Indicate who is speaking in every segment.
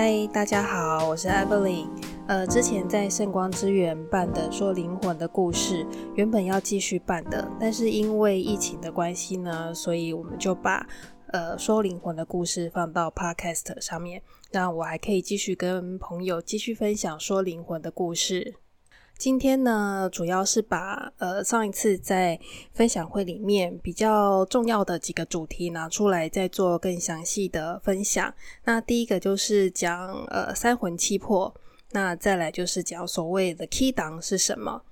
Speaker 1: 嗨，大家好，我是 Evelyn。呃，之前在聖光之源辦的《說靈魂的故事》，原本要繼續辦的，但是因為疫情的關係呢，所以我們就把呃《說靈魂的故事》放到 podcast 上面，讓我還可以繼續跟朋友繼續分享說靈魂的故事。今天呢，主要是把呃上一次在分享會裡面比較重要的幾個主題拿出來，再做更詳細的分享。那第一個就是講呃三魂七魄，那再來就是講所謂的起乩是什麼。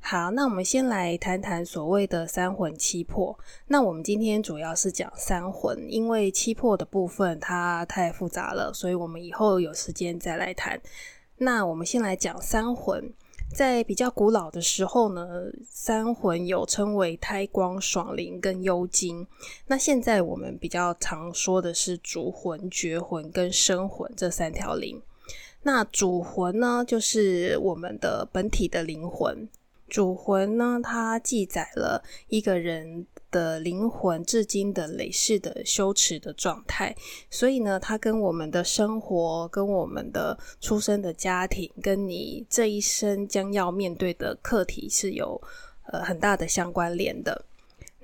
Speaker 1: 好，那我們先來談談所謂的三魂七魄。那我們今天主要是講三魂，因為七魄的部分它太複雜了，所以我們以後有時間再來談。那我們先來講三魂。在比較古老的時候呢，三魂有稱為胎光、爽靈跟幽精。那現在我們比較常說的是主魂、覺魂跟生魂這三條靈。那主魂呢，就是我們的本體的靈魂。主魂呢，它記載了一個人的靈魂至今的累世的修持的狀態，所以呢，它跟我們的生活、跟我們的出生的家庭、跟你這一生將要面對的課題是有呃很大的相關聯的。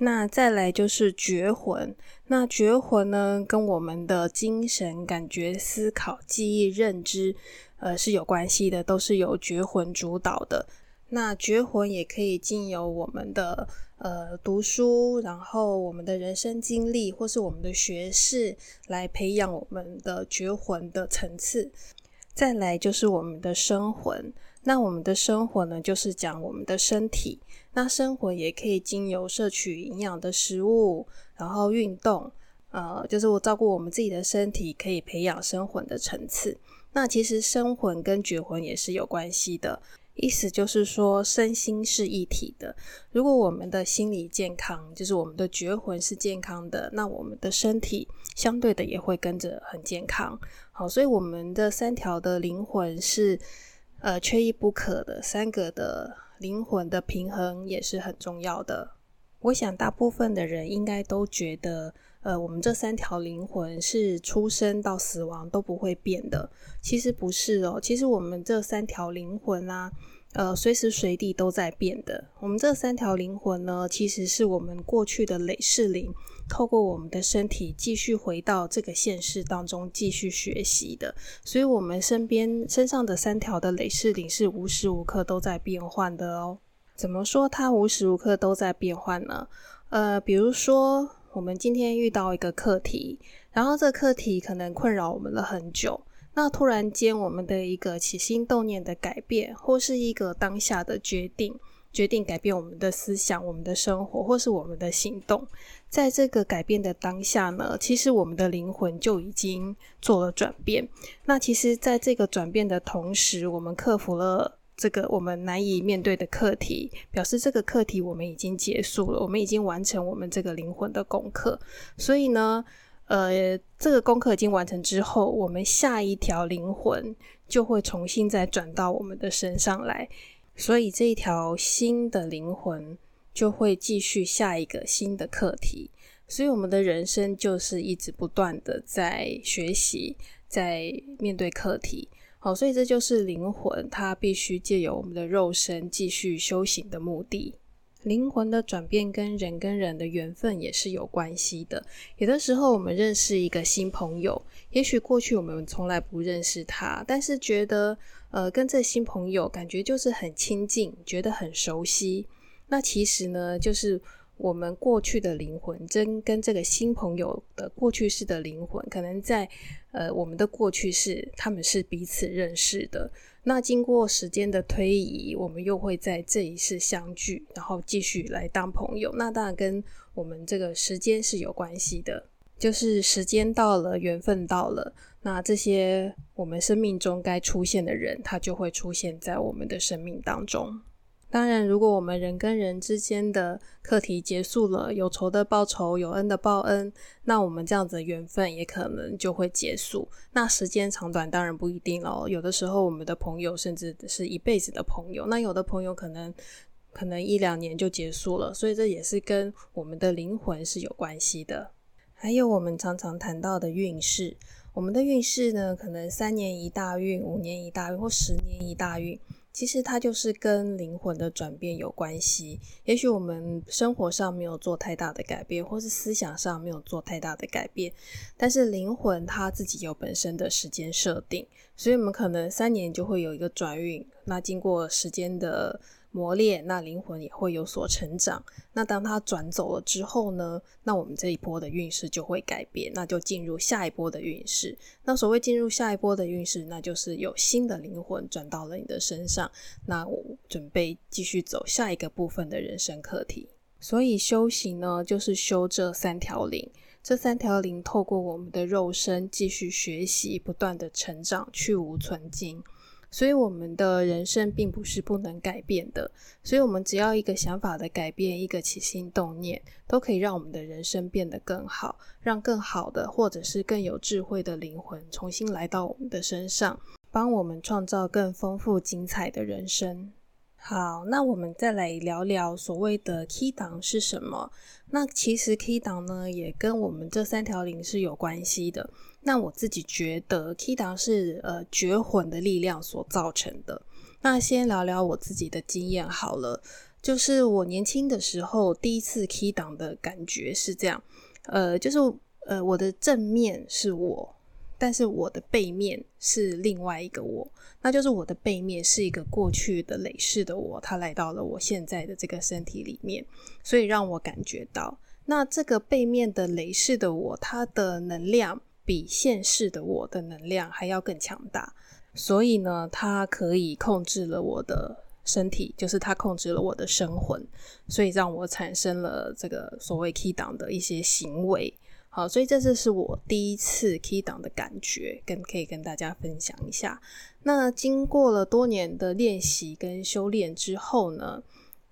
Speaker 1: 那再來就是覺魂，那覺魂呢，跟我們的精神、感覺、思考、記憶、認知，呃，是有關係的，都是由覺魂主導的。那覺魂也可以經由我們的呃讀書，然後我們的人生經歷，或是我們的學識來培養我們的覺魂的層次。再來就是我們的生魂，那我們的生魂呢，就是講我們的身體。那生魂也可以經由攝取營養的食物，然後運動，呃，就是我照顧我們自己的身體，可以培養生魂的層次。那其實生魂跟覺魂也是有關係的。意思就是說，身心是一體的。如果我們的心理健康，就是我們的覺魂是健康的，那我們的身體相對的也會跟着很健康。好，所以我們的三條的靈魂是呃缺一不可的，三個的靈魂的平衡也是很重要的。我想大部分的人應該都覺得，呃，我們這三條靈魂是出生到死亡都不會變的，其實不是哦。其實我們這三條靈魂啊，呃，隨時隨地都在變的。我們這三條靈魂呢，其實是我們過去的累世靈，透過我們的身體繼續回到這個現世當中繼續學習的。所以，我們身邊身上的三條的累世靈是無時無刻都在變換的哦。怎麼說它無時無刻都在變換呢？呃，比如說。我們今天遇到一個課題，然後這課題可能困擾我們了很久。那突然間，我們的一個起心動念的改變，或是一個當下的決定，決定改變我們的思想、我們的生活，或是我們的行動。在這個改變的當下呢，其實我們的靈魂就已經做了轉變。那其實，在這個轉變的同時，我們克服了這個我們難以面對的課題，表示這個課題我們已經結束了，我們已經完成我們這個靈魂的功課。所以呢，呃，這個功課已經完成之後，我們下一條靈魂就會重新再轉到我們的身上來。所以這一條新的靈魂就會繼續下一個新的課題。所以我們的人生就是一直不斷的在學習，在面對課題。好，所以這就是靈魂，它必須借由我們的肉身繼續修行的目的。靈魂的轉變跟人跟人的緣分也是有關係的。有的時候我們認識一個新朋友，也許過去我們從來不認識他，但是覺得，呃，跟這新朋友感覺就是很親近，覺得很熟悉。那其實呢，就是。我們過去的靈魂，真跟這個新朋友的過去世的靈魂，可能在呃我們的過去世，他們是彼此認識的。那經過時間的推移，我們又會在這一世相聚，然後繼續來當朋友。那當然跟我們這個時間是有關係的，就是時間到了，緣分到了，那這些我們生命中該出現的人，他就會出現在我們的生命當中。當然，如果我們人跟人之間的課題結束了，有仇的報仇，有恩的報恩，那我們這樣子的緣分也可能就會結束。那時間長短當然不一定嘍，有的時候我們的朋友甚至是一輩子的朋友，那有的朋友可能可能一兩年就結束了，所以這也是跟我們的靈魂是有關係的。還有我們常常談到的運勢，我們的運勢呢，可能三年一大運，五年一大運，或十年一大運。其實它就是跟靈魂的轉變有關係。也許我們生活上沒有做太大的改變，或是思想上沒有做太大的改變，但是靈魂它自己有本身的時間設定，所以我們可能三年就會有一個轉運。那經過時間的磨練，那靈魂也會有所成長。那當它轉走了之後呢，那我們這一波的運勢就會改變，那就進入下一波的運勢。那所謂進入下一波的運勢，那就是有新的靈魂轉到了你的身上，那我準備繼續走下一個部分的人生課題。所以修行呢，就是修這三條靈，這三條靈透過我們的肉身繼續學習，不斷的成長，去蕪存菁。所以我們的人生並不是不能改變的，所以我們只要一個想法的改變，一個起心動念，都可以讓我們的人生變得更好，讓更好的，或者是更有智慧的靈魂重新來到我們的身上，幫我們創造更豐富精彩的人生。好，那我們再來聊聊所謂的起乩是什麼。那其實起乩呢，也跟我們這三條靈是有關係的。那我自己覺得起乩是呃覺魂的力量所造成的。那先聊聊我自己的經驗好了，就是我年輕的時候第一次起乩的感覺是這樣，呃，就是呃我的正面是我。但是我的背面是另外一個我，那就是我的背面是一個過去的累世的我，他來到了我現在的這個身體裡面，所以讓我感覺到，那這個背面的累世的我，他的能量比現世的我的能量還要更強大，所以呢，他可以控制了我的身體，就是他控制了我的生魂，所以讓我產生了這個所謂起乩的一些行為。好，所以這次是我第一次 Key 檔的感覺，跟可以跟大家分享一下。那經過了多年的練習跟修煉之後呢，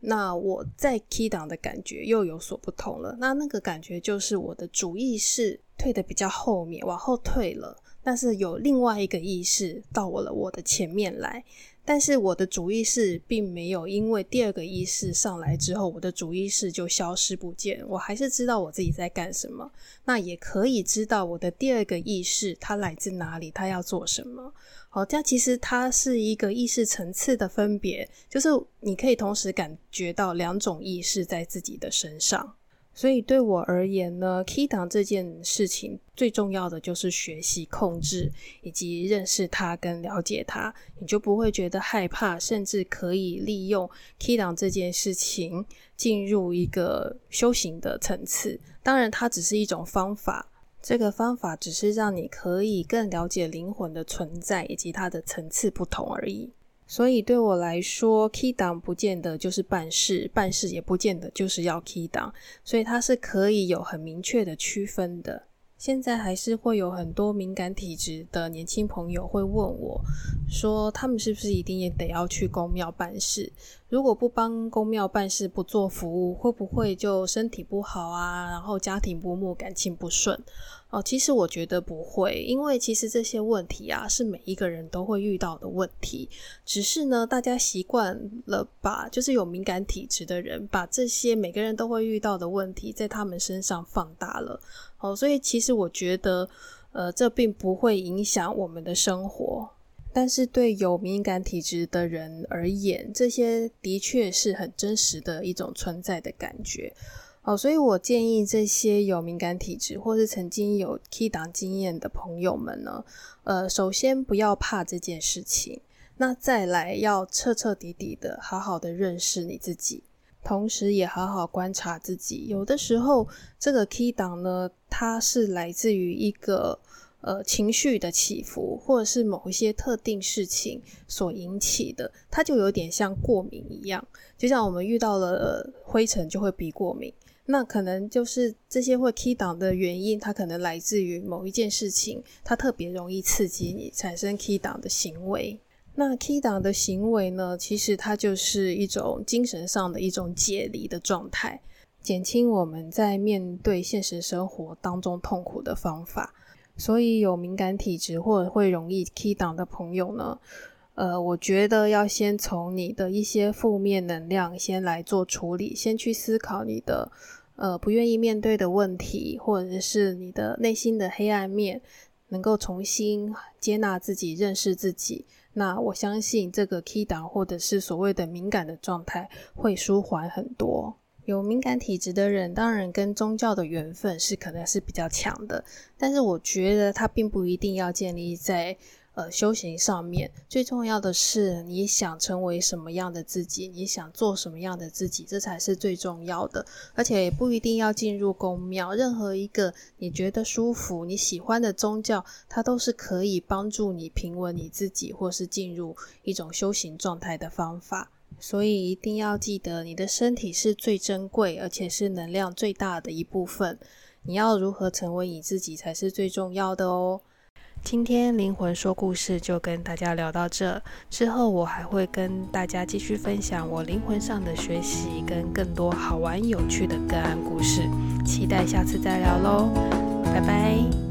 Speaker 1: 那我在 Key 檔的感覺又有所不同了。那那個感覺就是我的主意是退得比較後面，往後退了。但是有另外一個意識到我了，我的前面來。但是我的主意識並沒有因為第二個意識上來之後，我的主意識就消失不見。我還是知道我自己在幹什麼，那也可以知道我的第二個意識它來自哪裡，它要做什麼。好，這樣其實它是一個意識層次的分別，就是你可以同時感覺到兩種意識在自己的身上。所以對我而言呢，起乩這件事情最重要的就是學習控制以及認識它跟了解它，你就不會覺得害怕，甚至可以利用起乩這件事情進入一個修行的層次。當然，它只是一種方法，這個方法只是讓你可以更了解靈魂的存在以及它的層次不同而已。所以對我來說，起乩不見得就是辦事，辦事也不見得就是要起乩,所以它是可以有很明確的區分的。現在還是會有很多敏感體質的年輕朋友會問我，說他們是不是一定也得要去宮廟辦事？如果不幫宮廟辦事，不做服務，會不會就身體不好啊？然後家庭不睦，感情不順？哦，其實我覺得不會，因為其實這些問題啊，是每一個人都會遇到的問題，只是呢，大家習慣了吧，就是有敏感體質的人把這些每個人都會遇到的問題在他們身上放大了。哦，所以其實我覺得，呃，這並不會影響我們的生活，但是對有敏感體質的人而言，這些的確是很真實的一種存在的感覺。哦，所以我建議這些有敏感體質或是曾經有起乩經驗的朋友們呢，呃，首先不要怕這件事情，那再來要徹徹底底的、好好的認識你自己，同時也好好觀察自己。有的時候，這個起乩呢，它是來自於一個，呃，情緒的起伏，或者是某一些特定事情所引起的，它就有點像過敏一樣。就像我們遇到了、呃、灰塵就會鼻過敏，那可能就是這些會起乩的原因。它可能來自於某一件事情，它特別容易刺激你產生起乩的行為。那起乩的行為呢，其實它就是一種精神上的一種解離的狀態，減輕我們在面對現實生活當中痛苦的方法。所以有敏感體質或者會容易起乩的朋友呢，呃，我覺得要先從你的一些負面能量先來做處理，先去思考你的呃不願意面對的問題，或者是你的內心的黑暗面，能夠重新接納自己、認識自己。那我相信這個起乩或者是所謂的敏感的狀態會舒緩很多。有敏感體質的人，當然跟宗教的緣分是可能是比較強的，但是我覺得它並不一定要建立在呃修行上面。最重要的是，你想成為什麼樣的自己，你想做什麼樣的自己，這才是最重要的。而且也不一定要進入宮廟，任何一個你覺得舒服、你喜歡的宗教，它都是可以幫助你平穩你自己，或是進入一種修行狀態的方法。所以一定要記得，你的身體是最珍貴，而且是能量最大的一部分。你要如何成為你自己才是最重要的哦。今天靈魂說故事就跟大家聊到這，之後我還會跟大家繼續分享我靈魂上的學習跟更多好玩有趣的個案故事，期待下次再聊嘍，拜拜。